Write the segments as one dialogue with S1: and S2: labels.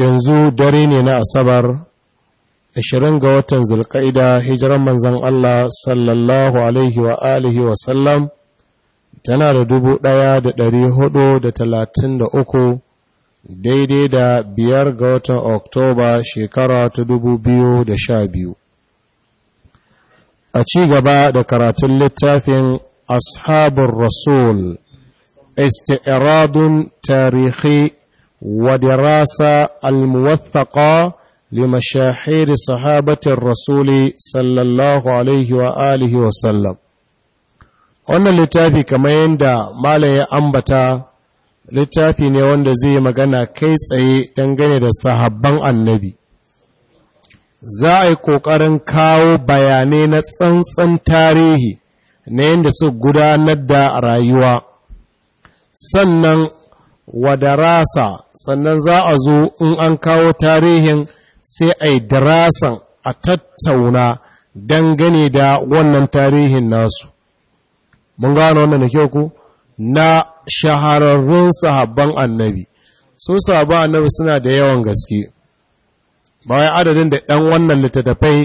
S1: yanzu dare ne na asabar 20 ga watan zulkaida hijiran manzan Allah sallallahu alaihi wa alihi wa sallam tana da dubu ɗaya da ɗari hudu da talatin da uku daidai da biyar ga watan oktoba shekara ta dubu biyu da sha biyu a ci gaba da karatun littafin Ashabar rasul isti'radun tarihi ودراسة الموثقة لمشاهير صحابة الرسول صلى الله عليه وآله وسلم wannan littafi kamar yadda malam ya ambata littafi ne wanda zai magana kai tsaye dangane da sahabban annabi za a yi ƙoƙarin kawo bayanai na tsantsan tarihi na yadda su gudanar da rayuwa sannan wa darasa sannan za a zo in an kawo tarihin sai a yi darasan a tattauna dangane da wannan tarihin nasu mun gano wannan da kyau ku na shahararrun sahabban annabi su sahabban annabi suna da yawan gaske bayan adadin da ɗan wannan littattafai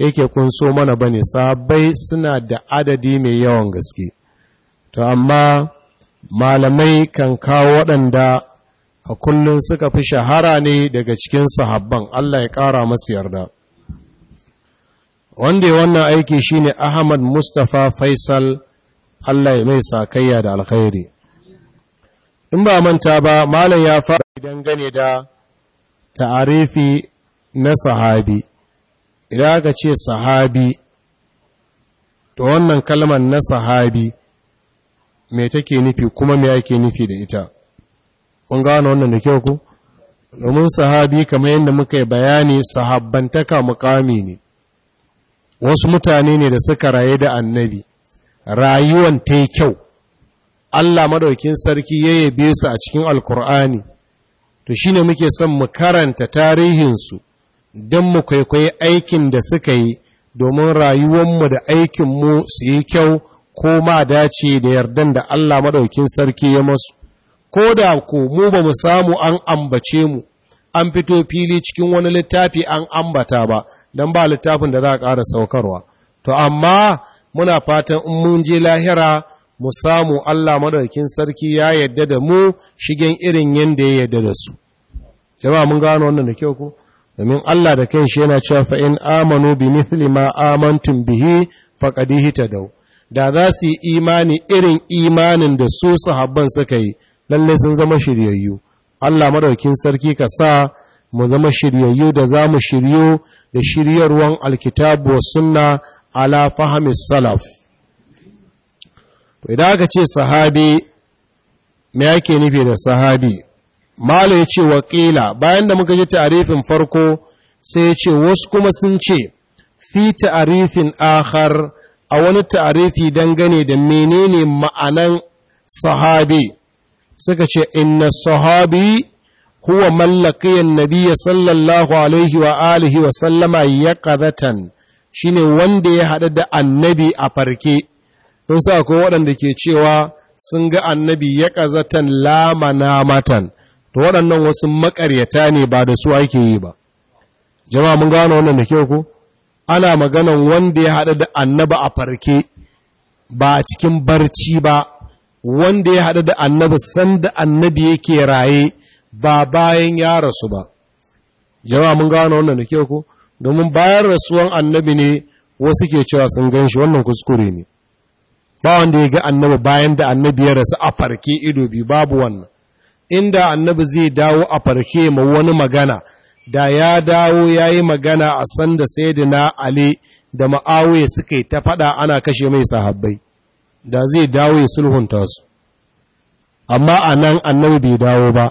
S1: yake kunso mana bane sahabbai suna da adadi mai yawan gaske to amma malamai kan kawo waɗanda a kullum suka fi shahara ne daga cikin sahabban Allah ya ƙara masu yarda wanda ya wannan aiki shine Ahmad Mustapha Faisal Allah ya mai sakayya da alkhairi in ba manta ba malam ya fara gane da ta'arifi na sahabi idan aka ce sahabi to wannan kalmar na sahabi me take nufi kuma me yake nufi da ita kun gano wannan da kyau ku domin sahabi kamar yadda muka yi bayani sahabbantaka mukami ne wasu mutane ne da suka raye da annabi rayuwan ta yi kyau Allah madaukin sarki ya yabe su a cikin alkur'ani to shine muke son mu karanta tarihinsu don mu kwaikwayi aikin da suka yi domin rayuwanmu da aikinmu su yi kyau ko ma dace da yardan da Allah madaukin sarki ya masu ko da ku mu ba mu samu an ambace mu an fito fili cikin wani littafi an ambata ba don ba littafin da za a ƙara saukarwa to amma muna fatan in mun je lahira mu samu Allah maɗaukin sarki ya yadda da mu shigen irin yadda ya yadda da su jama'a mun gano wannan da kyau ko domin Allah da kai shi yana cewa fa’in amanu bi mithli ma amantum bihi faqad dau. da za su yi imani irin imanin da su sahabban suka yi lallai sun zama shiryayyu Allah madaukin sarki ka sa mu zama shiryayyu da za mu shiryo da shiryarwan alkitabu wa sunna ala fahimis salaf to idan aka ce sahabi me yake nufi da sahabi malo ya ce waƙila bayan da muka ji ta'arifin farko sai ya ce wasu kuma sun ce fi ta'arifin akhar a wani tarifi dangane da menene ma'anan sahabi suka ce inna sahabi huwa mallakiyar nabiya sallallahu alaihi wa alihi wa sallama ya ƙazatan shi ne wanda ya haɗa da annabi a farke don sa ko waɗanda ke cewa sun ga annabi ya ƙazatan lamana matan to waɗannan wasu maƙaryata ne ba da su ake yi ba jama'a mun gano wannan da kyau ko ana maganan wanda ya haɗu da annaba a farke ba a cikin barci ba wanda ya haɗu da annabi sanda annabi yake raye ba bayan ya rasu ba jama'a mun gano wannan da kyau ko domin bayan rasuwan annabi ne wasu ke cewa sun gan shi wannan kuskure ne ba wanda ya ga annaba bayan da annabi ya rasu a farke ido biyu babu wannan inda annabi zai dawo a farke ma wani magana da ya dawo ya yi magana a sanda saidina ali da ma'awuye suka yi ta faɗa ana kashe mai sahabbai da zai dawo ya sulhunta su amma a nan annabi bai dawo ba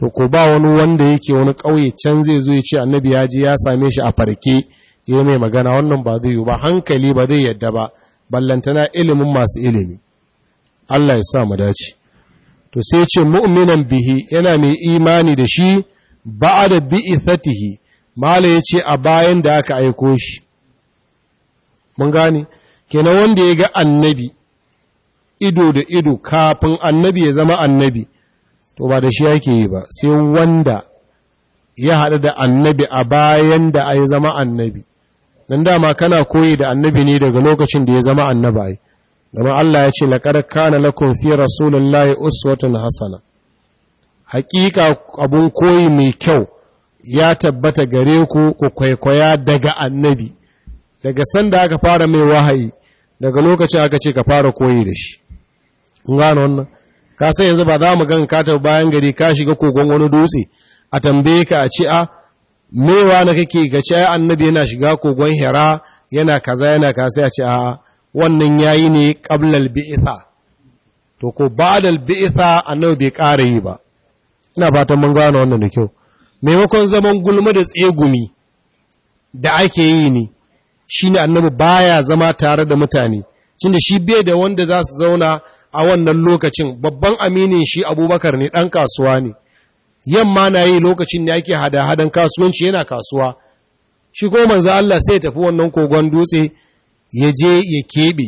S1: to ko ba wani wanda yake wani ƙauye can zai zo ya ce annabi ya ji ya same shi a farke ya mai magana wannan ba zai yi ba hankali ba zai yadda ba ballantana ilimin masu ilimi Allah ya sa mu dace to sai ce mu'minan bihi yana mai imani da shi ba da bi'ithatihi mala ya ce a bayan da aka aiko shi mun gane kenan wanda ya ga annabi ido da ido kafin annabi ya zama annabi to ba da shi yake yi ba sai wanda ya haɗu da annabi a bayan da a zama annabi nan dama kana koyi da annabi ne daga lokacin da ya zama annabi, ai gama Allah ya ce laƙar kana lakon fi rasulullahi uswatun hasana hakika abun koyi mai kyau ya tabbata gare ku ku kwaikwaya daga annabi daga sanda aka fara mai wahayi daga lokacin aka ce ka fara koyi da shi gano wannan ka sai yanzu ba za mu gan ka bayan gari ka shiga kogon wani dutse a tambaye ka a ce a ah, mewa na kake ga ce ai annabi yana shiga kogon hira yana kaza yana ka sai a ce a wannan yayi ne qablal bi'tha to ko ba'dal bi'tha annabi bai ƙara yi ba ina fatan mun gano wannan da kyau maimakon zaman gulma da tsegumi da ake yi ne shine annabi baya zama tare da mutane da shi bai da wanda za su zauna a wannan lokacin babban aminin shi abubakar ne ɗan kasuwa ne yamma na yi lokacin da ake hada-hadan kasuwanci yana kasuwa shi ko manza Allah sai tafi wannan kogon dutse ya je ya keɓe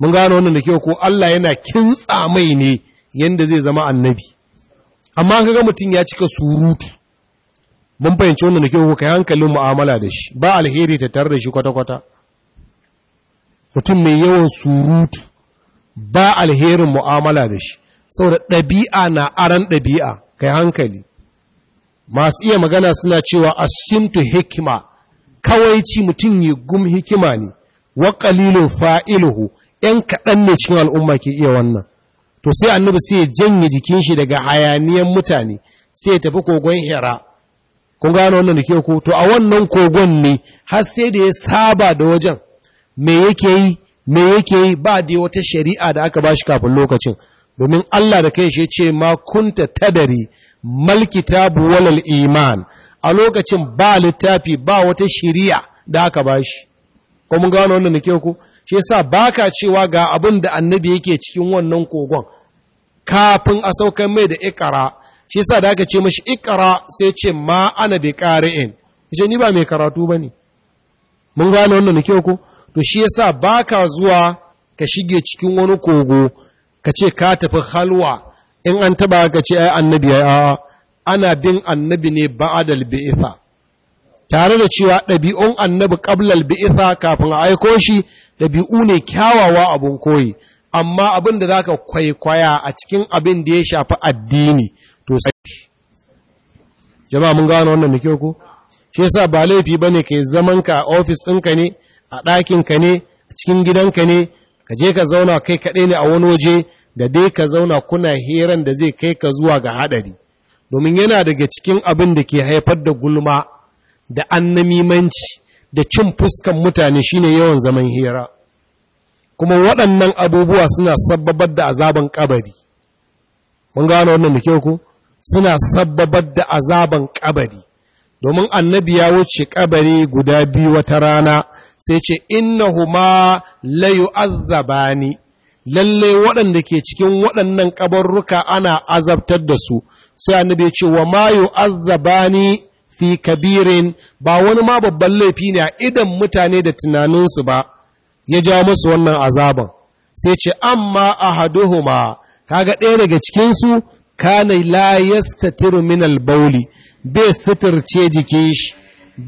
S1: mun gano wannan da kyau ko Allah yana kintsa mai ne yanda zai zama annabi amma kaga mutum ya cika surutu mun fahimci wannan ke ko kai hankalin mu'amala da shi ba alheri ta tare da shi kwata-kwata mutum mai yawan surutu ba alherin mu'amala da shi saboda ɗabi'a na aran ɗabi'a kai hankali masu iya magana suna cewa asintu hikima kawai ci mutum ya gum hikima ne wa fa'ilu, fa'iluhu ‘yan kaɗan ne cikin al'umma ke iya wannan to sai annabi sai ya janye jikin shi daga hayaniyan mutane sai ya tafi kogon hira kun gano wannan da ke ku. to a wannan kogon ne har sai da ya saba da wajen me yake yi me yake yi ba da wata shari'a da aka bashi kafin lokacin domin Allah da kai shi ce ma kunta tadari mal ta walal iman a lokacin ba littafi ba wata shari'a da aka bashi ko mun gano wannan da ke ku. shi yasa baka cewa ga abin da annabi yake cikin wannan kogon kafin a saukar mai da ikara shi yasa da aka ce mashi ikara sai ce ma ana bi qari'in ce ni ba mai karatu bane mun gane wannan ne ko to shi yasa baka zuwa ka shige cikin wani kogo ka ce ka tafi halwa in an taba ka ce ai annabi ya, ana bin annabi ne ba'adal bi'itha tare da cewa ɗabi'un annabi qablal bi'itha kafin a aiko shi ɗabi'u ne kyawawa abun koyi amma abin da ka kwaikwaya a cikin abin da ya shafi addini to sai jama'a mun gano wannan da kyau ko shi yasa ba laifi bane kai zaman ka a ofis ɗinka ne a ɗakin ka ne a cikin gidanka ne ka je ka zauna kai kaɗai ne a wani waje da dai ka zauna kuna heran da zai kai ka zuwa ga haɗari domin yana daga cikin abin da ke haifar da gulma da annamimanci da cin fuskan mutane shine yawan zaman hira kuma waɗannan abubuwa suna sabbabar da azaban kabari mun gano wannan da kyau ku suna sabbabar da azaban ƙabari. domin annabi ya wuce ƙabari guda biyu wata rana sai ce innahuma la yu'azzabani lalle waɗanda ke cikin waɗannan ƙabarruka ana azabtar da su sai annabi ya ce wa ma yu'azzabani fi kabirin ba wani ma babban laifi ne a idan mutane da tunaninsu ba ya ja musu wannan azaban sai ce amma a ka ga ɗaya daga cikinsu kana la yastatiru min albauli bai suturce jikin shi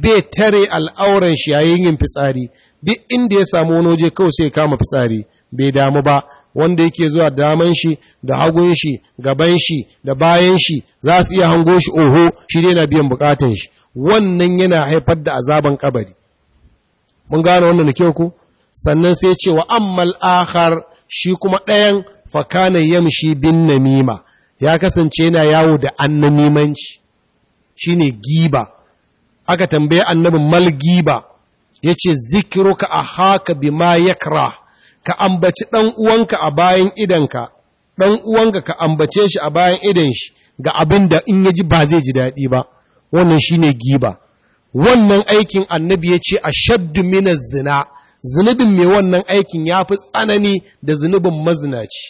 S1: bai tare al'auran shi yayin yin fitsari duk inda ya samu wani waje kawai sai kama fitsari bai damu ba wanda yake zuwa daman shi da hagun shi gaban shi da bayan shi za su iya hango shi oho shi dai na biyan bukatun shi wannan yana haifar da azaban kabari mun gane wannan da kyau ku sannan sai ce wa ammal akhar shi kuma ɗayan fakana yamshi bin namima ya kasance yana yawo da annamimanci shine giba aka tambaye annabin mal giba yace zikruka ahaka bima yakrah ka ambaci ɗan uwanka a bayan idanka ɗan uwanka ka ambace shi a bayan idan shi ga abin da in ya ji ba zai ji daɗi ba wannan shi shine giba wannan aikin annabi ya ce a shaddu mina zina zunubin mai wannan aikin ya fi tsanani da zunubin mazinaci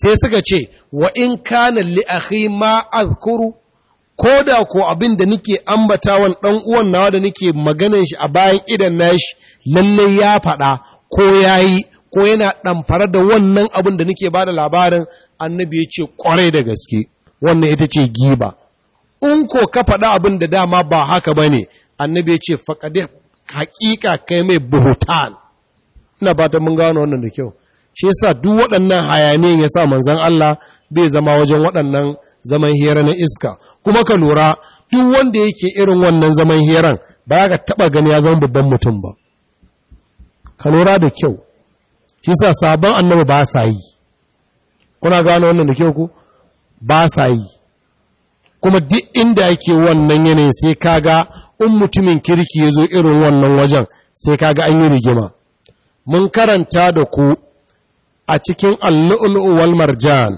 S1: sai suka ce wa in kana li ma azkuru ko da ko abin da nake ambatawan ɗan uwan nawa da nake maganin shi a bayan idan shi lallai ya faɗa ko ya yi, ko yana ɗamfara da wannan abin da nake ba da labarin annabi ya ce kwarai da gaske wannan ita ce giba in ko ka faɗa abin da dama ba haka ba ne annabi ya ce faƙaɗe haƙiƙa kai mai buhutan ina ba ta mun gano wannan da kyau shi yasa duk waɗannan hayaniyan ya sa manzon Allah bai zama wajen waɗannan zaman hira na iska kuma ka lura duk wanda yake irin wannan zaman hiran ba ka taɓa gani ya zama babban mutum ba ka lura da kyau shi sa sabon annabi ba sa yi kuna gano wannan da kyau ku ba sa yi kuma duk inda yake wannan yanayin sai kaga in mutumin kirki ya zo irin wannan wajen sai kaga an yi rigima mun karanta da ku a cikin allu'ulu'u wal marjan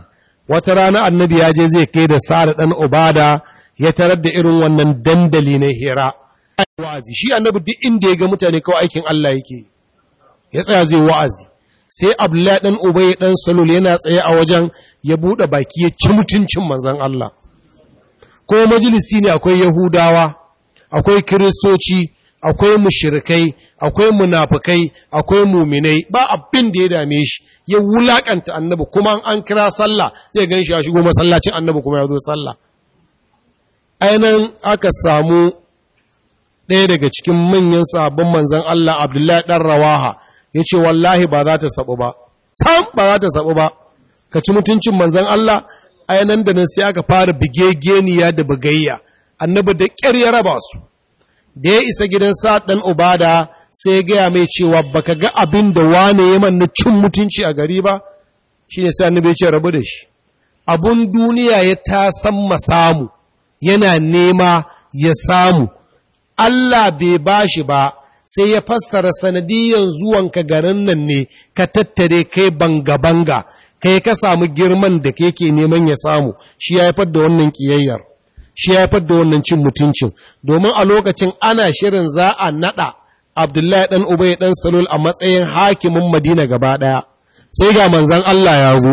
S1: wata rana annabi ya je zai kai da sa'ad ɗan ubada ya tarar da irin wannan dandali na hira wazi shi annabi duk inda ya ga mutane kawai aikin Allah yake ya tsaya zai wa'azi sai abdullahi dan ubay dan salul yana tsaye a wajen ya buɗe baki ya ci mutuncin manzan Allah ko majalisi ne akwai yahudawa akwai kiristoci akwai mushirikai akwai munafukai akwai muminai ba abin da ya dame shi ya wulakanta annabi kuma an kira sallah zai gan shi a shigo masallacin annabi kuma ya zo sallah ainihin aka samu ɗaya daga cikin manyan sabon manzan Allah Abdullahi ɗan Rawaha ya ce wallahi ba za ta saɓu ba sam ba za ta saɓu ba ka ci mutuncin manzan Allah a nan da nan sai aka fara geniya da bugayya annabi da ƙyar ya raba su da ya isa gidan saɗan ɗan ubada sai ya gaya mai cewa baka ga abin da wane ya manna cin mutunci a gari ba Shi ne sai annabi ya ce rabu da shi abun duniya ya ta san samu yana nema ya samu Allah bai bashi ba sai ya fassara sanadiyan zuwanka garin nan ne ka tattare kai banga-banga kai ka samu girman da keke neman ya samu shi ya haifar da wannan kiyayyar shi ya haifar da wannan cin mutuncin domin a lokacin ana shirin za a nada abdullahi dan ubay dan salul a matsayin hakimin madina gaba daya sai ga manzan Allah ya zo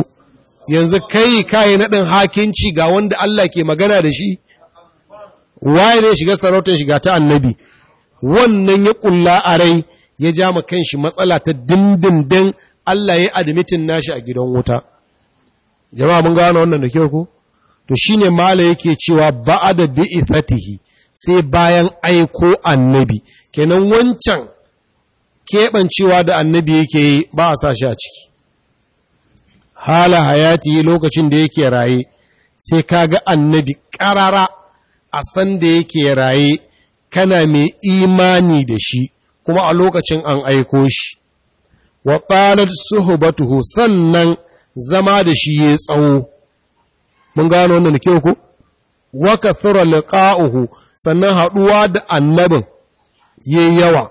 S1: yanzu kai kayi nadin hakinci ga wanda Allah ke magana da shi waye ne shiga sarautar shiga ta annabi wannan ya ƙulla a rai ya ja ma shi matsala ta dindindin Allah ya admitin nashi a gidan wuta jama'a mun gano wannan da kyau ko to shine mala yake cewa da bi ifatihi sai bayan aiko annabi kenan wancan keɓancewa da annabi yake yi ba a sa shi a ciki hala hayati lokacin da yake raye sai kaga annabi ƙarara a sanda yake raye kana mai imani da shi kuma a lokacin an aiko shi wa ba suhbatuhu sannan zama da shi ya tsawo mun gano wannan kyau wa kathura liqa'uhu sannan haduwa da annabin yayi yawa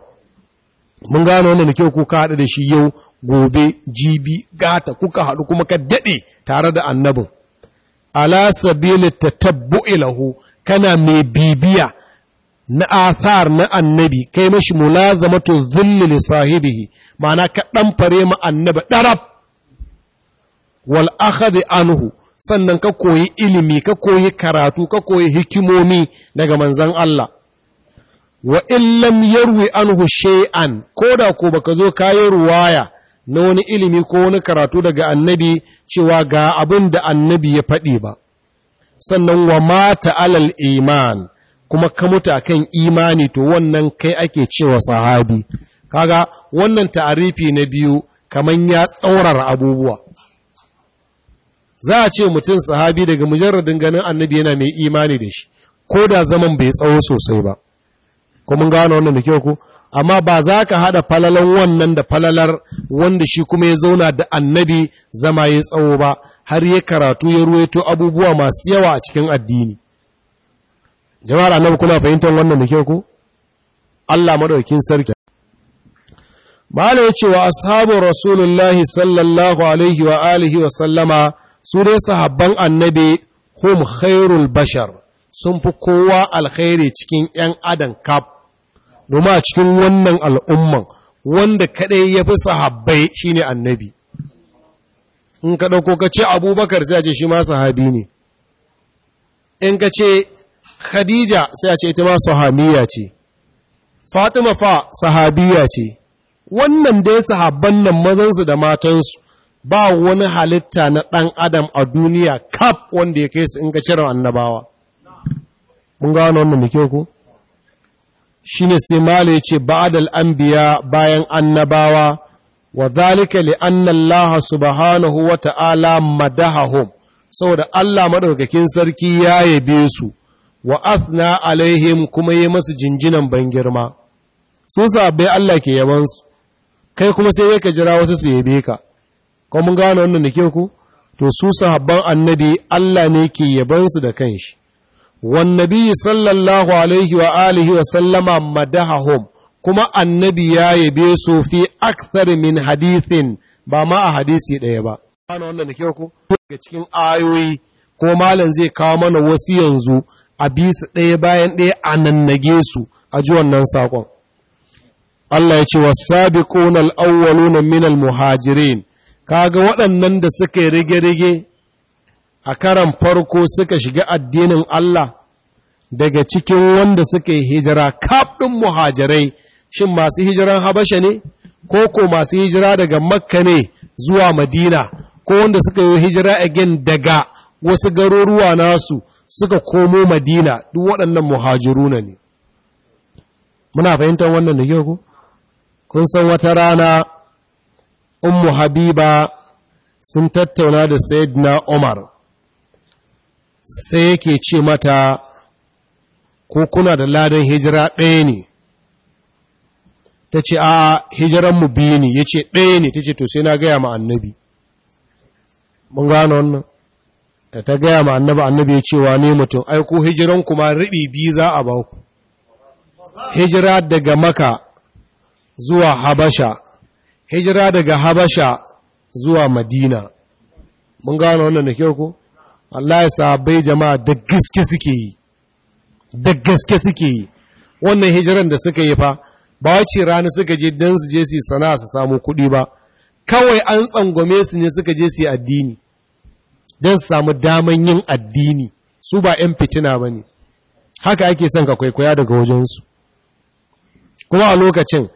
S1: mun gano wannan kyau ko ka haɗu da shi yau gobe jibi gata kuka haɗu kuma ka daɗe tare da annabin ala sabilit tatabbu'i ilahu kana mai bibiya na athar na annabi kai mashi mulazamatu dhilli li sahibihi ma'ana ka dan fare ma annabi darab wal akhadhi anhu sannan ka koyi ilimi ka koyi karatu ka koyi hikimomi daga manzon Allah wa in yarwi anhu shay'an koda ko baka zo kayi ruwaya na wani ilimi ko wani karatu daga annabi cewa ga abin da annabi ya faɗi ba sannan wa mata alal iman kuma ka mutu kan imani to wannan kai ake cewa sahabi kaga wannan ta'arifi na biyu kaman ya tsaurara abubuwa za a ce mutum sahabi daga mujarradin ganin annabi yana mai imani da shi ko da zaman bai tsawo sosai ba ko mun gano wannan da kyau ko amma ba za ka haɗa falalan wannan da falalar wanda shi kuma ya zauna da annabi zama ya tsawo ba har ya karatu ya ruwaito abubuwa masu yawa a cikin addini jama'ar annabi kuna fahimtar wannan da kyau ku Allah madaukin sarki Bala ya ce wa ashabu Rasulullahi sallallahu alaihi wa alihi wa sallama su dai sahabban annabi hum khairul bashar sun fi kowa alkhairi cikin ‘yan adam kaf domin a cikin wannan al'umman wanda kaɗai ya fi sahabbai shine annabi. In ka dauko ka ce abubakar sai a ce shi ma sahabi ne, in ka ce khadija sai a ce ita ma sahabiya ce fatima fa sahabiya ce wannan dai sahabban nan mazansu da matansu ba wani halitta na ɗan adam a duniya kaf wanda ya kai su in ka cire annabawa mun gano wannan da ke ko shi ne sai mala ce anbiya bayan annabawa wa zalika li anna subhanahu wa ta'ala madahahum saboda Allah madaukakin sarki ya yabe su wa athna alaihim kuma yi masu jinjinan ban girma sabai Allah ke yabansu kai kuma sai ka jira wasu su yabe ka kuma mun gano wannan da ku to su sahabban annabi Allah ne ke yabansu da kanshi wan nabi sallallahu alaihi wa alihi wa sallama madahahum kuma annabi ya yabe su fi akthar min hadithin ba ma a hadisi ɗaya ba gano wannan da ku daga cikin ayoyi ko malam zai kawo mana wasu yanzu a bi su ɗaya bayan ɗaya a nannage su a ji wannan saƙon Allah ya ce wasabiqun al-awwaluna na minal muhajirin Ka ga waɗannan da suka yi rige-rige a karan farko suka shiga addinin Allah daga cikin wanda suka yi hijira kaɗin muhajirai shin masu hijiran habasha ne ko ko masu hijira daga makka ne zuwa madina ko wanda suka yi hijira again daga wasu garuruwa nasu suka komo madina duk waɗannan muhajiruna ne muna fahimtar wannan da yau kun san wata rana ummu habiba sun tattauna da na umar sai yake ce mata ko kuna da ladan hijira ɗaya ne ta ce a hijiranmu biyu ne ya ce ɗaya ne ta ce to sai na gaya ma annabi mun gano wannan da ta gaya ma annaba annabi ya cewa ne mutum aiko hijiran kuma riɓi biyu za a ba ku hijira daga maka zuwa habasha hijira daga habasha zuwa madina mun gano wannan da kyau ko Allah ya sabai jama'a da gaske suke yi da gaske suke yi wannan hijiran da suka yi fa ba wace rana suka je don su je su sana'a su samu kuɗi ba kawai an tsangwame su ne suka je su yi addini don samu daman yin addini su ba 'yan fitina ba ne haka ake son ka kwaikwaya daga wajensu kuma a lokacin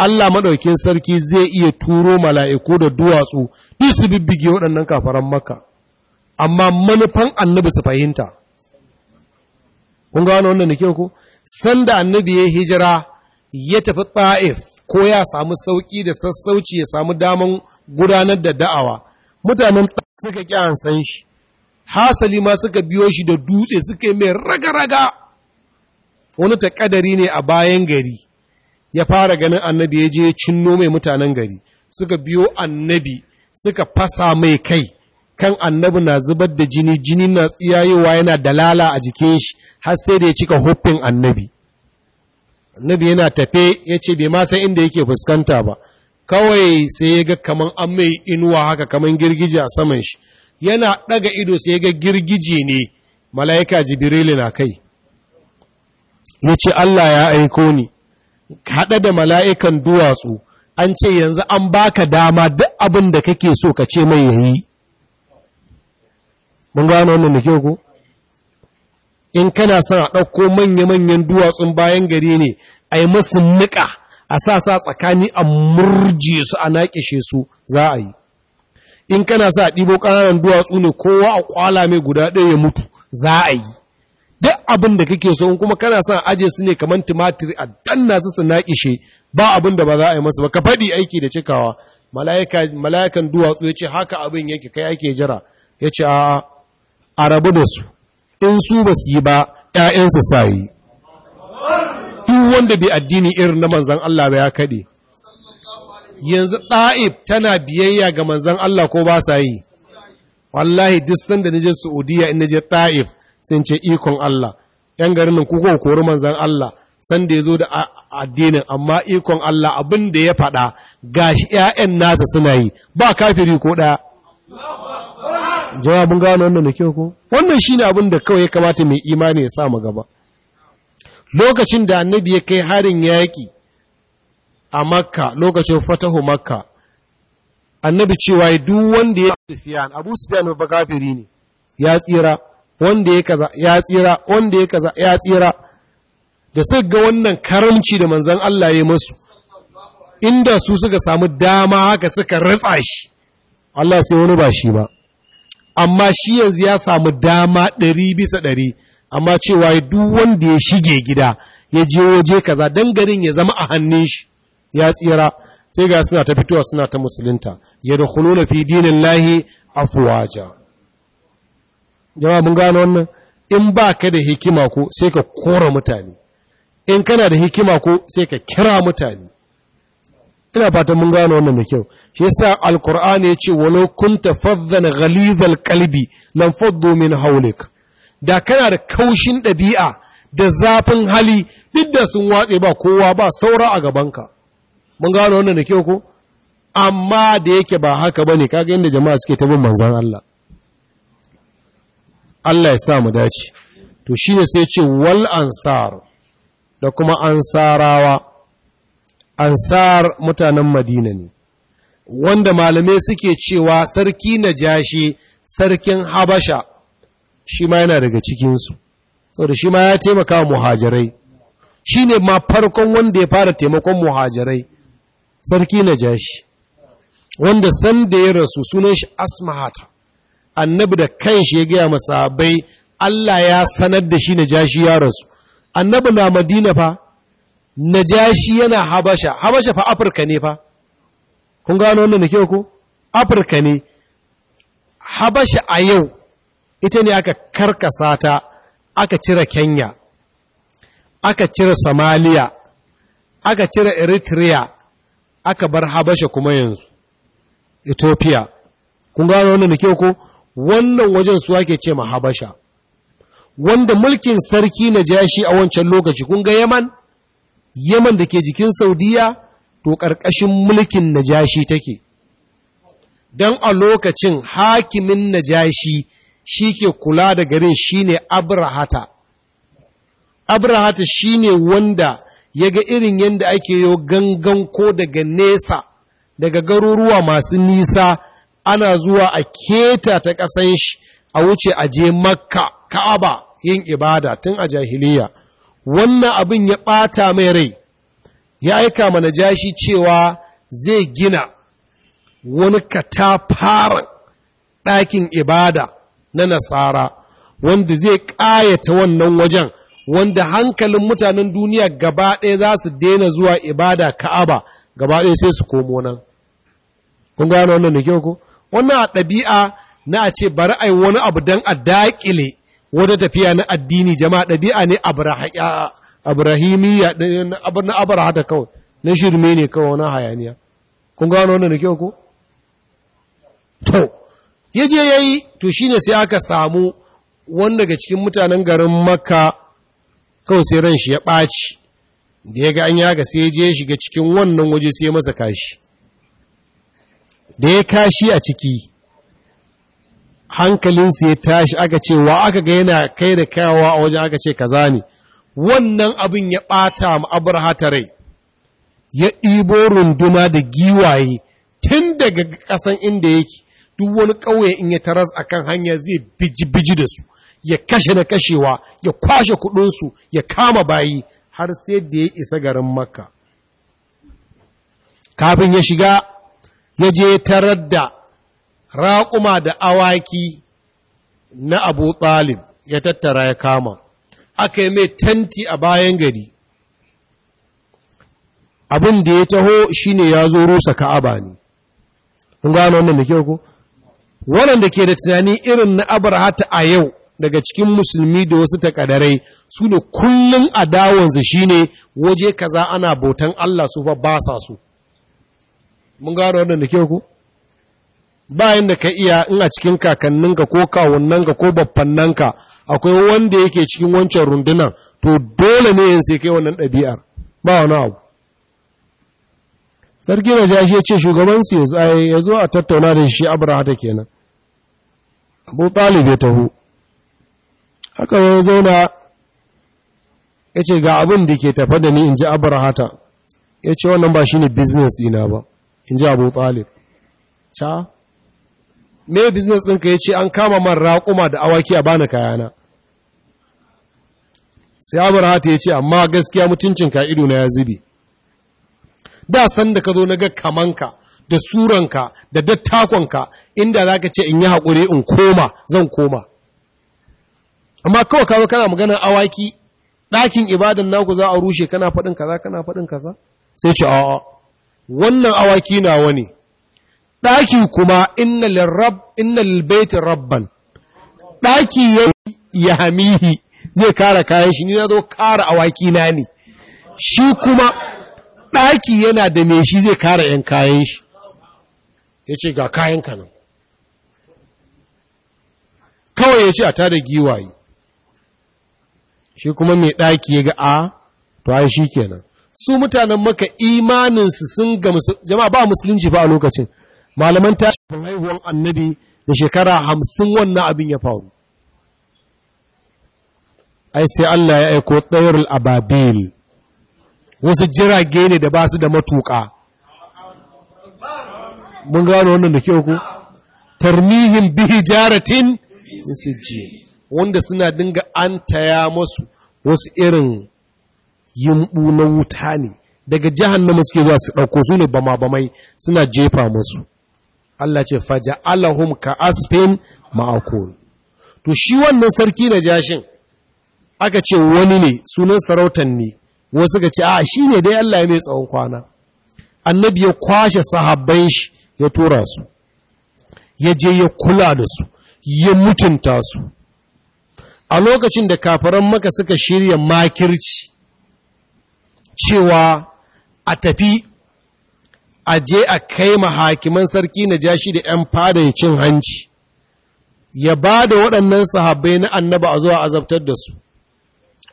S1: Allah maɗaukin sarki zai iya turo mala'iku da duwatsu duk su bibbige waɗannan kafaran maka amma manufan annabi su fahimta ƙunga wani wannan da kyau ku? sanda annabi ya hijira ya tafi ta'if ko ya samu sauƙi da sassauci ya samu daman gudanar da da'awa mutanen suka ƙi an san shi hasali ma suka biyo shi da dutse suka mai raga-raga wani takadari ne a bayan gari ya fara ganin annabi ya je cinno mai mutanen gari suka biyo annabi suka fasa mai kai kan annabi na zubar da jini jini na tsiyayewa yana dalala a jikin shi har sai da ya cika hoffin annabi annabi yana tafe ya ce bai ma san inda yake fuskanta ba kawai sai ya ga kaman an mai inuwa haka kaman girgije a saman shi yana ɗaga ido sai ya ga girgije ne mala'ika jibrilu na kai ya ce Allah ya aiko ni haɗe da mala'ikan duwatsu an ce yanzu an baka dama duk abin da kake so ka ce mai yayi mun gano wannan da kyau ko in kana son a ɗauko manya-manyan duwatsun bayan gari ne a yi masu niƙa a sa sa tsakani a murje su a naƙishe su za a yi in kana sa a ɗibo ƙananan duwatsu ne kowa a kwala mai guda ɗaya ya mutu za a yi duk abin da kake so in kuma kana sa aje su ne kamar tumatir a danna su su naƙishe ba abin da ba za a yi masu ba ka faɗi aiki da cikawa mala'ikan duwatsu ya ce haka abin yake kai ake jira ya ce a rabu da su in su ba su yi ba ‘ya'yansu sa yi duk wanda bai addini irin na manzan Allah ba ya kaɗe yanzu ɗa'ib tana biyayya ga manzan Allah ko ba sa yi wallahi duk sanda na je Saudiya in nijin je ɗa'ib sun ce ikon Allah ‘yan garin nan kuka kori manzan Allah sanda ya zo da addinin amma ikon Allah abin da ya faɗa gashi ‘ya'yan nasa suna yi ba kafiri ko ɗaya jawabin gano wannan da kyau ko wannan shine abin da kawai ya kamata mai imani ya sa mu gaba lokacin da annabi ya kai harin yaƙi a makka lokacin fatahu makka annabi cewa duk wanda ya sufiyan abu sufiyan ba kafiri ne ya tsira wanda ya tsira wanda ya kaza ya tsira da suka ga wannan karamci da manzon Allah ya masu inda su suka samu dama haka suka ratsa shi Allah sai wani ba shi ba amma shi yanzu ya samu dama ɗari bisa ɗari amma cewa duk wanda ya shige gida ya je waje kaza dan garin ya zama a hannun shi ya tsira sai ga suna ta fitowa suna ta musulunta yadkhuluna fi dinillahi afwaja jama'a mun gano wannan in ba ka da hikima ko sai ka kora mutane in kana da hikima ko sai ka kira mutane ina fatan mun gano wannan da kyau shi yasa alqur'ani ce walau kunta faddan ghalidhal qalbi lam faddu min hawlik da kana da kaushin ɗabi'a da zafin hali duk da sun watse ba kowa ba saura a gabanka mun gano wannan da kyau ko amma da yake ba haka ba ne, kaga inda jama'a suke ta bin manzon Allah Allah ya sa mu dace to shine sai ce wal ansar da kuma ansarawa ansar mutanen Madina ne wanda malamai suke cewa sarki najashi sarkin Habasha shi ma yana daga cikinsu saboda shi ma ya taimaka wa muhajirai shi ne ma farkon wanda ya fara taimakon muhajirai sarki na jashi wanda sanda ya rasu sunan shi asmahata annabi da kanshi ya gaya masahabai Allah ya sanar da shi na jashi ya rasu annabi na madina fa na jashi yana habasha habasha fa afirka ne fa kun gano wannan da kyau ko afirka ne habasha a yau ita ne aka karkasa ta aka cire kenya aka cire somaliya aka cire eritrea aka bar habasha kuma yanzu ethiopia kun gano wannan da ko wannan wajen su ake ce ma habasha wanda mulkin sarki na jashi a wancan lokaci kun ga yaman yaman da ke jikin saudiya to ƙarƙashin mulkin najashi take don a lokacin hakimin najashi shi ke kula da garin ne abrahata abrahata shi ne wanda ya ga irin yadda ake yo gangan ko daga nesa daga garuruwa masu nisa ana zuwa a keta ta ƙasan shi a wuce a je makka ka'aba yin ibada tun a jahiliya wannan abin ya ɓata mai rai ya aika mana jashi cewa zai gina wani katafaren ɗakin ibada na nasara wanda zai ƙayata wannan wajen wanda hankalin mutanen duniya gaba ɗaya za su daina zuwa ibada ka'aba gaba ɗaya sai su komo nan kun gano wannan da kyau ko wannan a ɗabi'a na a ce bari ai wani abu don a daƙile wata tafiya na addini jama'a ɗabi'a ne abrahimiyya na abraha da kawai na shirme ne kawai wani hayaniya kun gano wannan da kyau ko to ya je ya yi to shi ne sai aka samu wani daga cikin mutanen garin maka kawai sai ran shi ya ɓaci da ya ga an yaga sai ya je ya shiga cikin wannan waje sai masa kashi da ya kashi a ciki hankalinsa ya tashi aka ce wa aka ga yana kai da kayawa a wajen aka ce kaza ne wannan abin ya ɓata ma abarhata rai ya ɗibo runduna da giwaye tun daga ƙasan inda yake duk wani ƙauye in ya taras a kan hanya zai biji-biji da su ya kashe na kashewa ya kwashe kuɗinsu ya kama bayi har sai da ya isa garin makka kafin ya shiga ya je tarar da raƙuma da awaki na abu ɗalib ya tattara ya kama aka yi mai tanti a bayan gari abin da ya taho shine ya zo rusa ka'aba ne kun gano wannan da kyau ko waɗanda ke da tunani irin na abarhata a yau daga cikin musulmi da wasu takadarai su ne kullum shi ne waje kaza ana bautan Allah su fa ba sa su mun gano wannan ke ku bayan da ka iya ina cikin kakanninka ko kawunnanka ko baffannanka akwai wanda yake cikin wancan rundunan to dole ne yin sai kai wannan ɗabi'ar ba wani abu sarki na jashi ya ce shugabansu zo a tattauna da shi abraha kenan abu talib ya taho haka ya zauna ya ce ga abin da ke tafa da ni in ji hata ya ce wannan ba shi ne business dina ba in ji abu talib ca me business ɗinka ya ce an kama man raƙuma da awaki a bani kayana sai hata ya ce amma gaskiya mutuncin ka ido na ya zubi da sanda ka zo na ga kamanka da suranka da dattakonka inda za ka ce in yi haƙuri in koma zan koma amma kawai kawo kana magana awaki ɗakin ibadan naku za a rushe kana faɗin kaza kana faɗin kaza sai ce a'a wannan awaki na wani ɗaki kuma innal rabb rabban ɗaki ya hamihi zai kara kayan shi ni na zo kara awaki na ne shi kuma ɗaki yana da me shi zai kara ‘yan kayan shi ya ce ga kayan kanan kawai ya ce a tada giwaye shi kuma mai ɗaki ya ga a to ai shi kenan su mutanen maka imaninsu sun ga jama'a ba musulunci ba a lokacin malaman tashin haihuwan annabi da shekara hamsin wannan abin ya faru ai sai Allah ya aiko tsayar ababil wasu jirage ne da ba su da matuƙa mun gano wannan da kyau ku tarmihin bihi jaratin wanda suna dinga an taya masu wasu irin yimbu na wuta ne daga jahannama suke zuwa su ɗauko su ne bama bamai suna jefa masu Allah ce faja alahum ka aspen ma'akon to shi wannan sarki na jashin aka ce wani ne sunan sarautan ne wasu ka ce a shi ne dai Allah ya mai tsawon kwana annabi ya kwashe sahabban shi ya tura su ya je ya kula da su ya mutunta su a lokacin da kafaran maka suka shirya makirci cewa a tafi a je a kai mahakiman sarki na jashi da 'yan fada ya cin hanci ya ba da waɗannan sahabbai na annaba a zuwa azabtar da su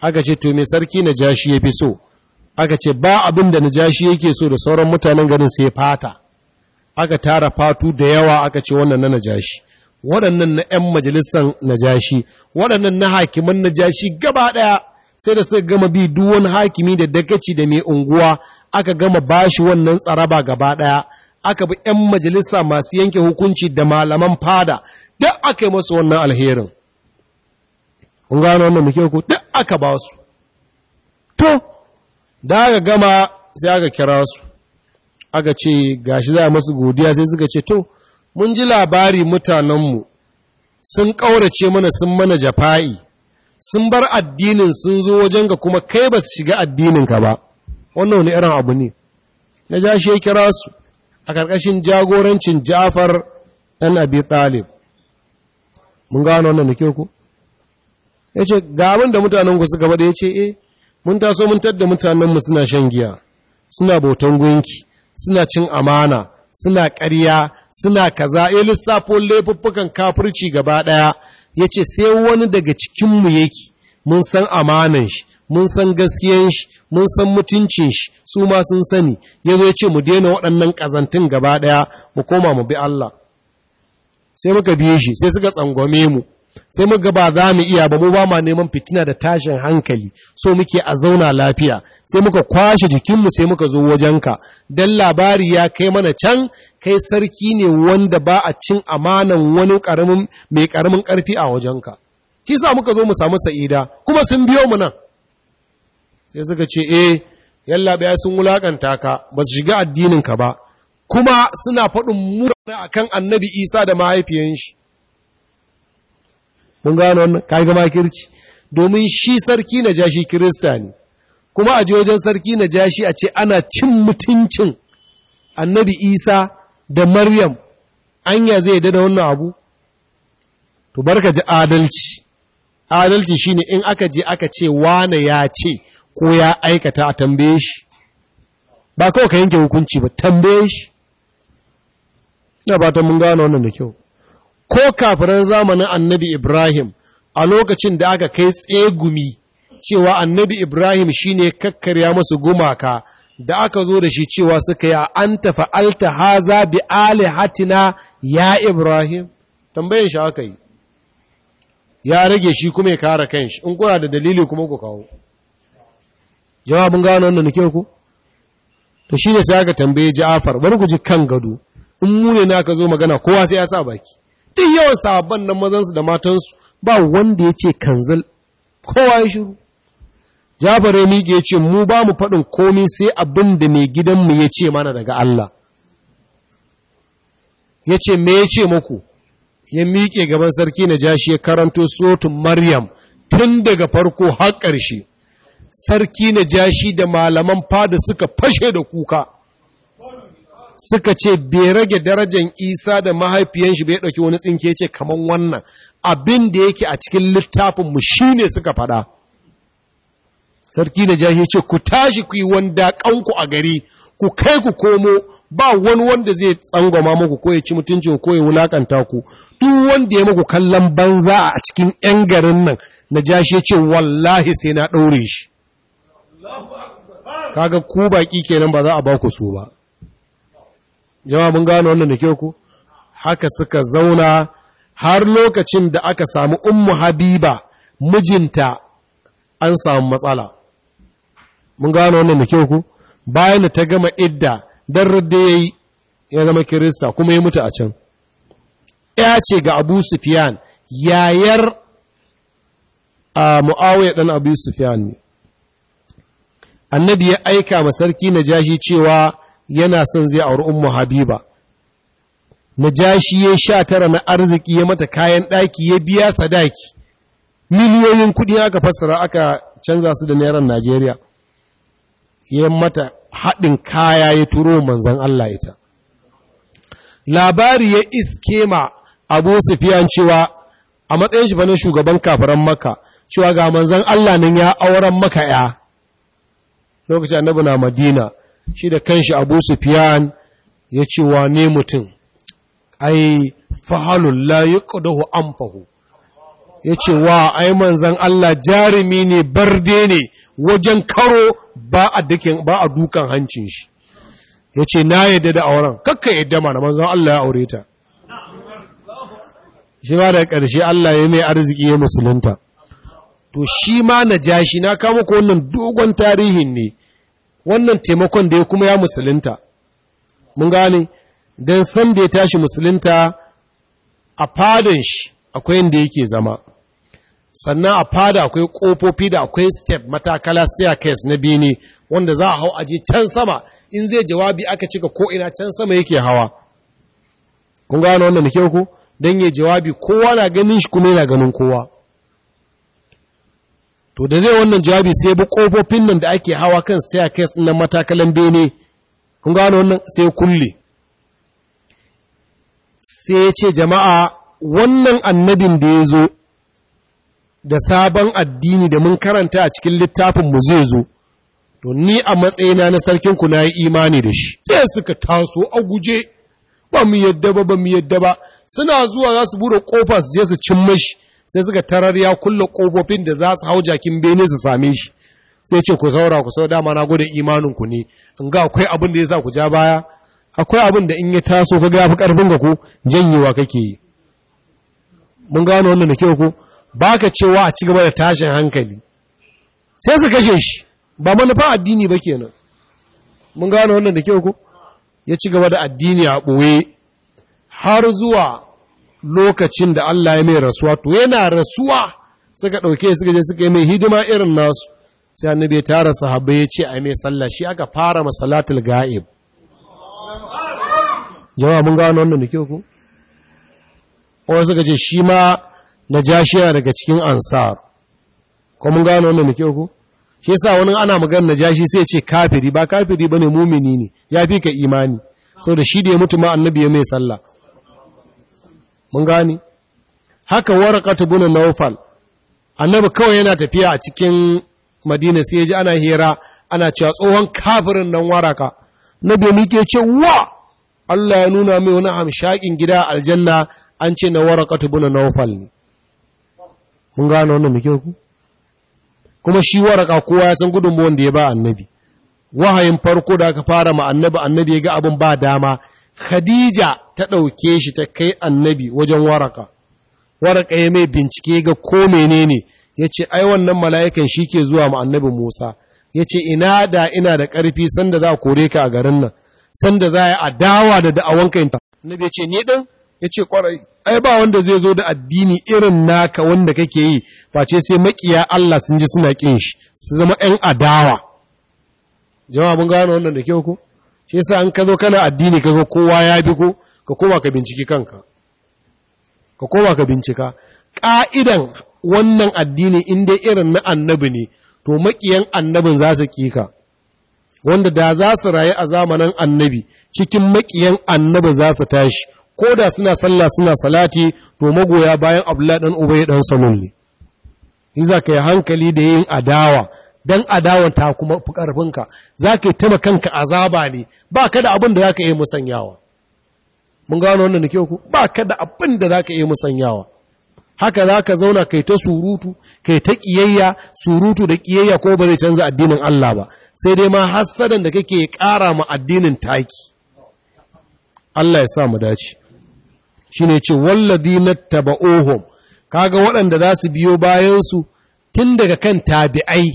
S1: aka ce to mai sarki na jashi ya fi so aka ce ba abin da na jashi yake so da sauran mutanen garin sai fata aka tara fatu da yawa aka ce wannan na najashi waɗannan na 'yan majalisan najashi waɗannan na hakiman najashi gaba ɗaya sai da suka gama bi duwan hakimi da dagaci da mai unguwa aka gama bashi wannan tsaraba gaba ɗaya aka bi 'yan majalisa masu yanke hukunci da malaman fada duk aka yi masu wannan alherin kun gano wannan muke ku duk aka ba su to da aka gama sai aka kira su aka ce gashi za a masu godiya sai suka ce to mun ji labari mutanenmu sun ƙaurace mana sun mana jafa'i, sun bar addinin sun zo wajen ga kuma kai ba su shiga addininka ba, wannan wani irin abu ne, na ja shi ya kira su a ƙarƙashin jagorancin Jafar ɗan Abi Talib. Mun gano wannan da ku? Ya ce, ga abin da mutanenku suka bada ya ce, e, mun taso mun tadda mutanenmu suna shan giya, suna bautan gunki, suna cin amana, suna ƙarya, suna kaza ya lissafo laifuffukan kafirci gaba ɗaya ya ce sai wani daga cikinmu yake mun san amanan shi mun san gaskiyan shi mun san mutuncin shi su ma sun sani ya zo ce mu daina waɗannan ƙazantun gaba ɗaya mu koma mu bi Allah sai muka biye shi sai suka tsangwame mu sai muka ba za mu iya ba mu ba ma neman fitina da tashin hankali so muke a zauna lafiya sai muka kwashe jikinmu sai muka zo wajenka Don labari ya kai mana can kai sarki ne wanda ba a cin amanan wani karamin mai karamin karfi a wajenka shi sa muka zo mu samu sa'ida kuma sun biyo mu nan sai suka ce eh yalla ba sun wulakanta ka ba su shiga addinin ka ba kuma suna faɗin mura akan annabi Isa da mahaifiyan mun gano wannan gama makirci domin shi sarki na jashi kirista ne kuma a wajen sarki na jashi a ce ana cin mutuncin annabi isa da maryam anya zai da wannan abu to barka ji adalci adalci shine in aka je aka ce wane ya ce ko ya aikata a tambaye shi ba kawai ka yanke hukunci ba tambaye shi ina ba ta mun gano wannan da kyau ko kafiran zamanin annabi Ibrahim a lokacin da aka kai tsegumi cewa annabi Ibrahim shi kakkar kakkarya masu gumaka da aka zo da shi cewa suka yi an tafa alta haza bi hatina ya Ibrahim tambayin shi aka yi ya rage shi kuma ya kara kanshi in kuna da dalili kuma ku kawo jawabin gano wannan nake ku to ne sai aka tambaye ji'afar, bari ku ji kan gado in mu ne na ka zo magana kowa sai ya sa baki duk yawan sabon nan mazansu da matansu ba wanda ya ce kanzal kowa ya shiru Jafar ya miƙe ce mu ba mu faɗin komi sai abin da mai gidanmu ya ce mana daga Allah ya ce me ya ce muku ya miƙe gaban sarki na jashi ya karanto sotun Maryam tun daga farko har ƙarshe sarki na jashi da malaman fada suka fashe da kuka suka ce bai rage darajan isa da mahaifiyan shi bai ɗauki wani tsinke ce kamar wannan abin da yake a cikin littafin mu ne suka faɗa sarki da jahi ce ku tashi ku yi wanda kanku a gari ku kai ku komo ba wani wanda zai tsangwama muku ko ya ci mutuncin ko ya wulakanta ku duk wanda ya muku kallon banza a cikin yan garin nan na jashi ce wallahi sai na ɗaure shi kaga ku baƙi kenan ba za a ba ku su ba jama'a mun gano wannan da ke ku haka suka zauna har lokacin da aka samu ummu habiba mijinta an samu matsala mun gano wannan da ke ku bayan da ta gama idda dan rudda yayi ya zama kirista kuma ya mutu a can ya ce ga Abu Sufyan yayar a ɗan ɗan Abu Sufyan ne annabi ya aika ma sarki na jashi cewa yana son zai auri ummu habiba najashi ya sha tara na arziki ya mata kayan ɗaki ya biya sadaki miliyoyin kuɗi aka fassara aka canza su da nairar najeriya ya mata haɗin kaya ya turo manzan Allah ita labari ya iske ma abu sufiyan cewa a matsayin shi shugaban kafiran maka cewa ga manzan Allah nan ya auren maka ya lokacin annabi na madina shi da kanshi abu sufiyan ya ce wa ne mutum ai fahalun la yuqdahu amfahu. ya ce wa ai manzan Allah jarumi ne barde ne wajen karo ba a dukan hancin shi ya ce na yadda da auren kakka yadda mana manzan Allah ya aure ta shi ba da ƙarshe Allah ya mai arziki ya musulunta to shi ma na ja na kama ko wannan dogon tarihin ne wannan taimakon da ya kuma ya musulunta mun gane don san da ya tashi musulunta a fadan shi akwai inda yake zama sannan a fada akwai ƙofofi da akwai step matakala staircase na biyu ne wanda za a hau aji can sama in zai jawabi aka cika ko'ina can sama yake hawa kun gano wannan da kyau ku don yi jawabi kowa na ganin shi kuma yana ganin kowa to da zai wannan jawabi sai bi kofofin nan da ake hawa kan staircase nan matakalan bene kun gano wannan sai kulle sai ya ce jama'a wannan annabin da ya zo da sabon addini da mun karanta a cikin littafin mu zai zo to ni a matsayina na sarkin ku na yi imani da shi sai suka taso a guje ba mu yadda ba ba mu yadda ba suna zuwa za su bude kofa su je su cin mashi sai suka tarar ya kulle kofofin da za su hau jakin bene su same shi sai ce ku saura ku sau dama na gudun imanin ku ne in ga akwai abin da ya sa ku ja baya akwai abin da in ya taso ka gafi karfin ga ku janyewa kake yi mun gano wannan da kyau ku ba ka cewa a cigaba da tashin hankali sai su kashe shi ba manufa addini ba kenan mun gano wannan da kyau ku ya ci gaba da addini a ɓoye har zuwa lokacin da Allah ya mai rasuwa to yana rasuwa suka ɗauke suka je suka yi mai hidima irin nasu sai annabi ya tara sahabbai ya ce a mai sallah shi aka fara masalatul ga'ib jama'a mun gano wannan da ku? ko wani suka ce shi ma na jashiya daga cikin ansar ko mun gano wannan da ke ko shi yasa wani ana magana na jashi sai ce kafiri ba kafiri bane mumini ne ya fi ka imani Sau da shi da ya mutu ma annabi ya mai sallah mun gani haka warqatu bin nawfal annabi kawai yana tafiya a cikin madina sai yaji ana hira ana cewa tsohon kafirin nan waraka nabi ke ce wa Allah ya nuna mai wani hamshakin gida aljanna an ce na warqatu bin nawfal ne mun gano wannan muke ku kuma shi waraka kowa ya san gudunmuwan da ya ba annabi wahayin farko da aka fara ma annabi annabi ya ga abin ba dama Khadija ta ɗauke shi ta kai annabi wajen waraka, waraka ya mai bincike ga ko menene ya ce, ai wannan mala'ikan shi ke zuwa ma annabi Musa, ya ce, ina da ina da ƙarfi sanda za a kore ka a garin nan, sanda za a yi adawa da da'awanka ka ta. Annabi ya ce, ni ɗin? Ya ce, ƙwarai, ai ba wanda zai zo da addini irin naka wanda kake yi, face sai maƙiya Allah sun ji suna ƙin shi, su zama ‘yan adawa. Jama'a mun gano wannan da kyau ko? shi yasa an kazo kana addini kaga kowa ya bi ko ka koma ka binciki kanka ka koma ka bincika ka'idan wannan addini in dai irin na annabi ne to makiyan annabin za su kika wanda da za su rayu a zamanin annabi cikin makiyan annabi za su tashi ko da suna sallah suna salati to magoya bayan abdullahi dan ubay dan za ne yi hankali da yin adawa don adawanta kuma fi ƙarfinka za ka yi taba kanka azaba ne ba ka da abin da za ka iya musanyawa mun gano wannan da kyau ku ba ka da abin da za ka iya musanyawa haka za ka zauna kai ta surutu kai ta ƙiyayya surutu da ƙiyayya ko ba zai canza addinin Allah ba sai dai ma hassadan da kake kara ma addinin taki Allah ya sa mu dace shine ce walladina nattaba'uhum kaga waɗanda za su biyo bayansu tun daga kan tabi'ai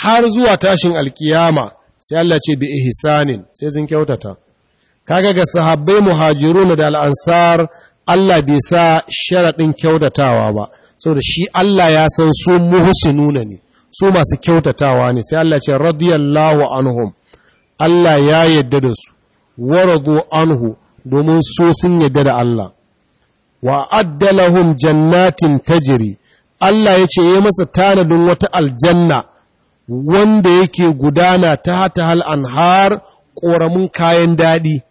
S1: har zuwa tashin alkiyama sai Allah ce bi ihsanin sai sun kyautata kaga ga sahabbai muhajirun da al'ansar Allah bai sa sharaɗin kyautatawa ba saboda shi Allah ya san su muhsinuna ne su masu kyautatawa ne sai Allah ce radiyallahu anhum Allah ya yadda da su waradu anhu domin su sun yadda da Allah wa addalahum jannatin tajri Allah ya ce ya masa tanadin wata aljanna wanda yake gudana ta hata hal anhar ƙoramin kayan daɗi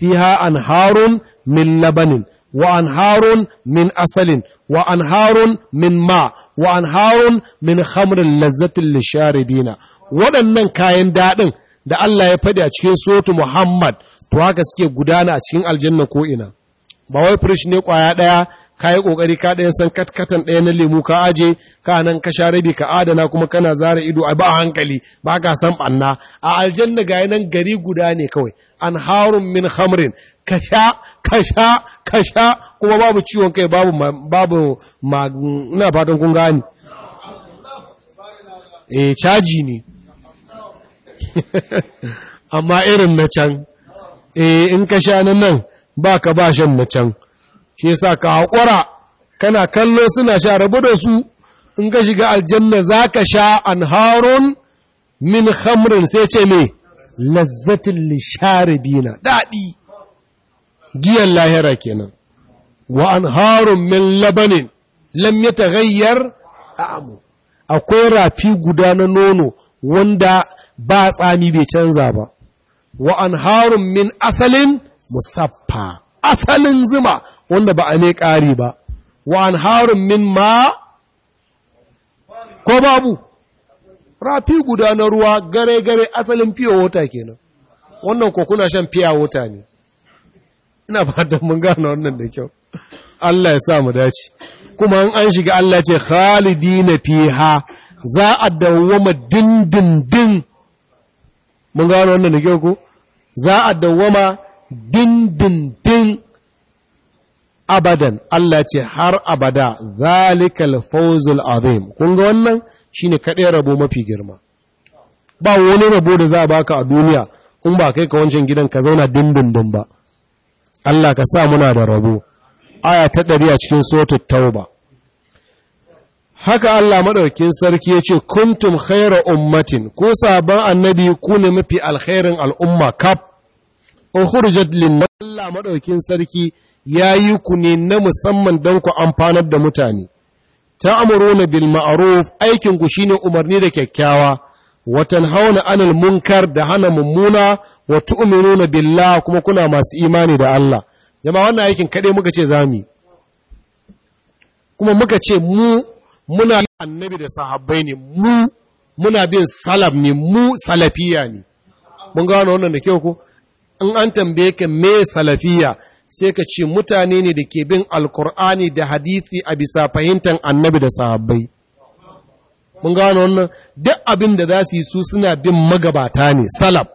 S1: fiha anharun min labanin wa anharun min asalin wa anharun min ma wa anharun min khamrin lazzatin lisharibina waɗannan kayan daɗin da Allah ya faɗi a cikin sotu Muhammad to haka suke gudana a cikin aljanna ko ina ba wai firish ne ƙwaya ɗaya ka yi ƙoƙari ka ɗaya san katkatan ɗaya na lemu ka aje ka nan ka sha rabi ka adana kuma kana zara ido a ba hankali ba ka san ɓanna a aljanna ga nan gari guda ne kawai an harun min hamrin ka sha ka sha ka sha kuma babu ciwon kai babu babu ina fatan kun gani eh caji ne amma irin na can eh in ka sha nan nan ba ka ba shan na can shi yasa ka haƙura kana kallo suna sha rabu da su in ka shiga aljanna za ka sha anharun min hamrin sai ce me lazzatin bina daɗi giyan lahira kenan wa anharun min labanin lam yataghayyar ta'amu akwai rafi guda na nono wanda ba tsami bai canza ba wa anharun min asalin musaffa asalin zuma wanda ba a ne ƙari ba wa an harin min ma ko babu rafi guda na ruwa gare-gare asalin fiye wota kenan wannan ko kuna shan fiya wota ne ina da mun gane wannan da kyau Allah ya sa mu dace kuma an an shiga Allah ce khalidina fiha za a wama dindindin mun gane wannan da kyau ko za a wama dindindin abadan Allah ce har abada zalikal fawzul azim kun ga wannan shine kadai rabo mafi girma ba wani rabo da za a baka a duniya kun ba kai ka wancan gidan ka zauna dindindin ba Allah ka sa muna da rabo aya ta dari a cikin suratul tauba haka Allah madaukakin sarki ya ce kuntum khayra ummatin ko sabon annabi ku ne mafi alkhairin al'umma kaf ukhrijat lin Allah madaukakin sarki ya yi ku ne na musamman don ku amfanar da mutane Ta ta'muruna bil ma'aruf aikin ku ne umarni da kyakkyawa watan na 'anil munkar da hana mummuna wa tu'minuna billah kuma kuna masu imani da Allah jama'a wannan aikin kaɗe muka ce zami kuma muka ce mu muna annabi da sahabbai ne mu muna bin salaf ne mu salafiya ne mun gano wannan da kyau ku in an tambaye ka me salafiya sai ka ce mutane ne da ke bin alkur'ani da hadithi a bisa fahimtar annabi da sahabbai mun gano wannan duk abin da za su yi su suna bin magabata ne salaf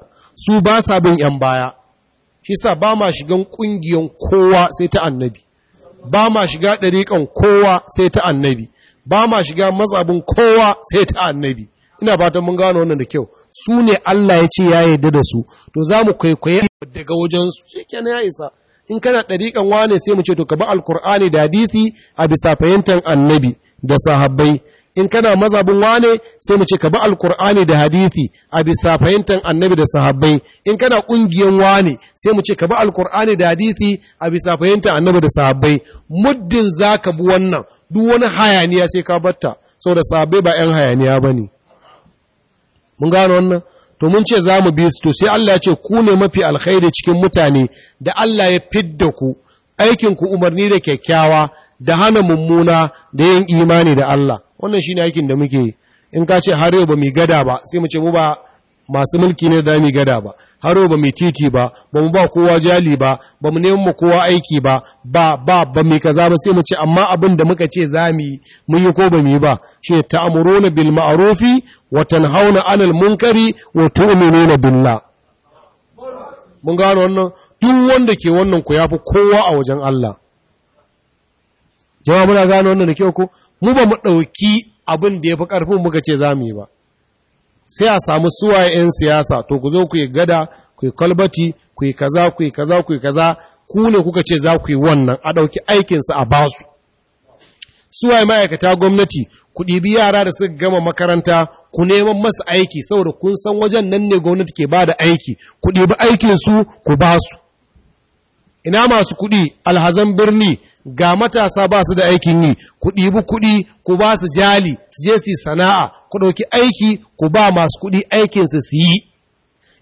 S1: su ba sa bin yan baya shi sa ba ma shigan ƙungiyan kowa sai ta annabi ba ma shiga ɗariƙan kowa sai ta annabi ba ma shiga matsabin kowa sai ta annabi ina fatan mun gano wannan da kyau su ne Allah ya ce ya yarda da su to za mu kwaikwaye daga wajen su ya isa in kana ɗariƙan wane sai mu ce to ka bi alkur'ani da hadithi a bisa fahimtar annabi da sahabbai in kana mazabin wane sai mu ce ka bi alkur'ani da hadithi a bisa fahimtar annabi da sahabbai in kana ƙungiyar wane sai mu ce ka bi alkur'ani da hadithi a bisa fahimtar annabi da sahabbai muddin za ka bi wannan duk wani hayaniya sai ka batta saboda sahabbai ba 'yan hayaniya ba ne mun gano wannan to mun ce za mu bi su to sai Allah ya ce ku ne mafi alkhairi cikin mutane da Allah ya fidda ku aikin ku umarni da kyakkyawa da hana mummuna da yin imani da Allah wannan shine aikin da muke yi in ka ce har yau ba mu gada ba sai mu ce mu ba masu mulki ne da mu gada ba haro ba mai titi ba ba mu ba kowa jali ba ba mu neman kowa aiki ba ba ba ba mai kaza ba sai mu ce amma abin da muka ce za mu yi mun yi ko ba mu yi ba shi ta'muruna bil ma'rufi wa tanhauna 'anil munkari wa tu'minuna billah mun gano wannan duk wanda ke wannan ku yafi kowa a wajen Allah jama'a muna gano wannan da kyau ko mu ba mu dauki abin da yafi karfin muka ce za mu yi ba sai a samu suwaye 'yan siyasa to ku zo ku yi gada ku yi kwalbati ku yi kaza ku yi kaza ku yi kaza ku ne kuka ce za ku yi wannan a ɗauki aikinsa a ba Su suwaye ma'aikata gwamnati ku ɗibi yara da suka gama makaranta ku neman masu aiki saboda kun san wajen nan ne gwamnati ke ba da aiki ku ɗibi su ku ba su ina masu kuɗi alhazan birni ga matasa ba su da aikin yi ku ɗibi kuɗi ku ba su jali su je su sana'a ku ɗauki aiki ku ba masu kuɗi aikinsu su yi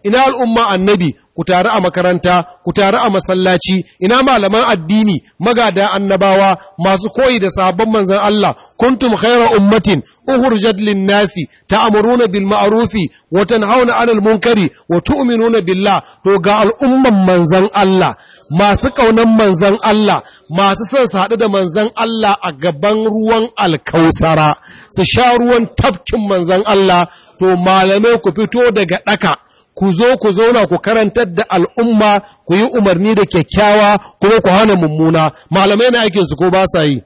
S1: ina al'umma annabi ku taru a makaranta ku taru a masallaci ina malaman addini magada annabawa masu koyi da sabon manzon Allah kuntum khaira ummatin uhurjat lin-nasi ta'muruna bil ma'rufi wa tanhauna 'anil munkari wa tu'minuna billah to ga al'umman manzon Allah masu kaunan manzan Allah, masu son su haɗu da manzan Allah a gaban ruwan alkausara, su sha ruwan tafkin manzan Allah, to malamai ku fito daga ɗaka, ku zo ku zauna ku karantar da al'umma, ku yi umarni da kyakkyawa, kuma ku hana mummuna, malamai na aikin su ko ba sa yi.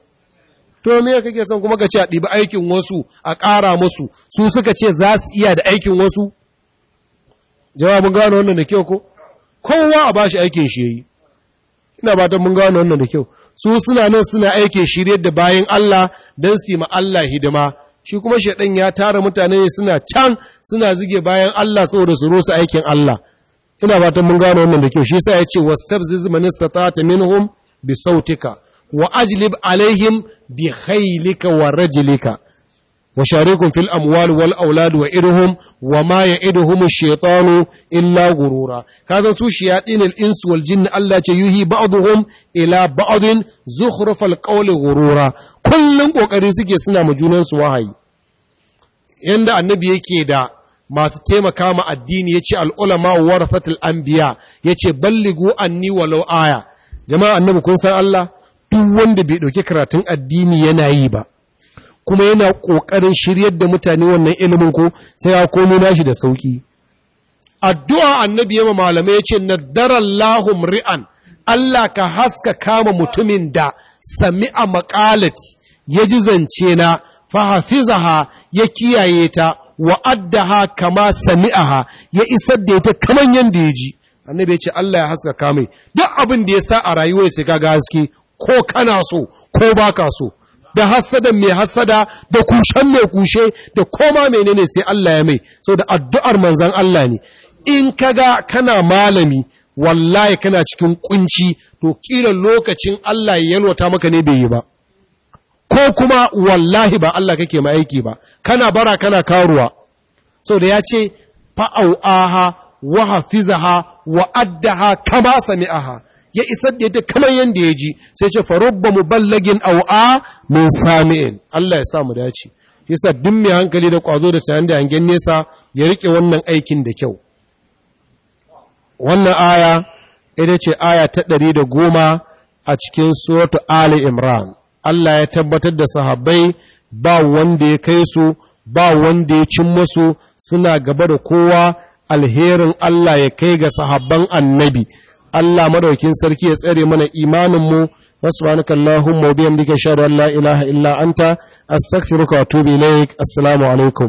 S1: To me kake son kuma ka ce a ɗibi aikin wasu a ƙara musu, su suka ce za su iya da aikin wasu? Jawabin gano wannan da kyau ko? Kowa a bashi aikin shi yayi. ina ba ta mun gano wannan da kyau su suna nan suna aike shiryar da bayan Allah dan su ma Allah hidima shi kuma shaɗan ya tara mutane suna can suna zige bayan Allah saboda su rusa aikin Allah ina ba ta mun gano wannan da kyau shi yasa ya ce wastabziz man istata minhum bi sautika wa ajlib alaihim bi khaylika wa rajlika wa sharikum fil amwal wal aulad wa irhum wa ma ya'iduhum ash-shaytanu illa gurura kaga su shayatin al-ins wal jinn Allah ce yuhi ba'dhum ila ba'din zukhruf al-qawl gurura Kullum kokari suke suna ma junansu wahayi yanda annabi yake da masu taimaka ma addini yace al-ulama warathatul anbiya yace ballighu anni walau aya jama'a annabi kun san Allah duk wanda bai ɗauki karatun addini yana yi ba kuma yana ƙoƙarin shiryar da mutane wannan ilimin ko sai ya komo nashi da sauki addu'a annabi yamma malamai ya ce nadarallahu ri'an Allah ka haska kama mutumin da sami'a maƙalat ya ji zance na ha ya kiyaye ta wa ha kama ha ya isar da ita kaman yadda ya ji annabi ya ce Allah ya haska kame duk abin da ya sa a rayuwar sai kaga haske ko kana so ko baka so da hasadan mai hasada da kushen mai kushe da koma menene sai Allah ya mai so da addu'ar manzan Allah ne in kaga kana malami wallahi kana cikin kunci to kiran lokacin Allah ya yalwata maka ne bai yi ba ko kuma wallahi ba Allah kake ma aiki ba kana bara kana karuwa so da ya ce fa'au'aha wa hafizaha wa addaha kama sami'aha ya isa da ita kamar yadda ya ji sai ce mu ballagin au'a min sami'in Allah ya samu mu dace yasa duk mai hankali da kwazo da tsayan da hangen nesa ya rike wannan aikin da kyau wannan aya ita ce aya ta ɗari da goma a cikin suratu Ali Imran Allah ya tabbatar da sahabbai ba wanda ya kai su ba wanda ya cin masu suna gaba da kowa alherin Allah ya kai ga sahabban annabi Allah madaukin sarki ya tsare mana imaninmu wasubhanaka allahumma wa bihamdika ashhadu an la ilaha illa anta astaghfiruka wa atubu ilaik assalamu alaikum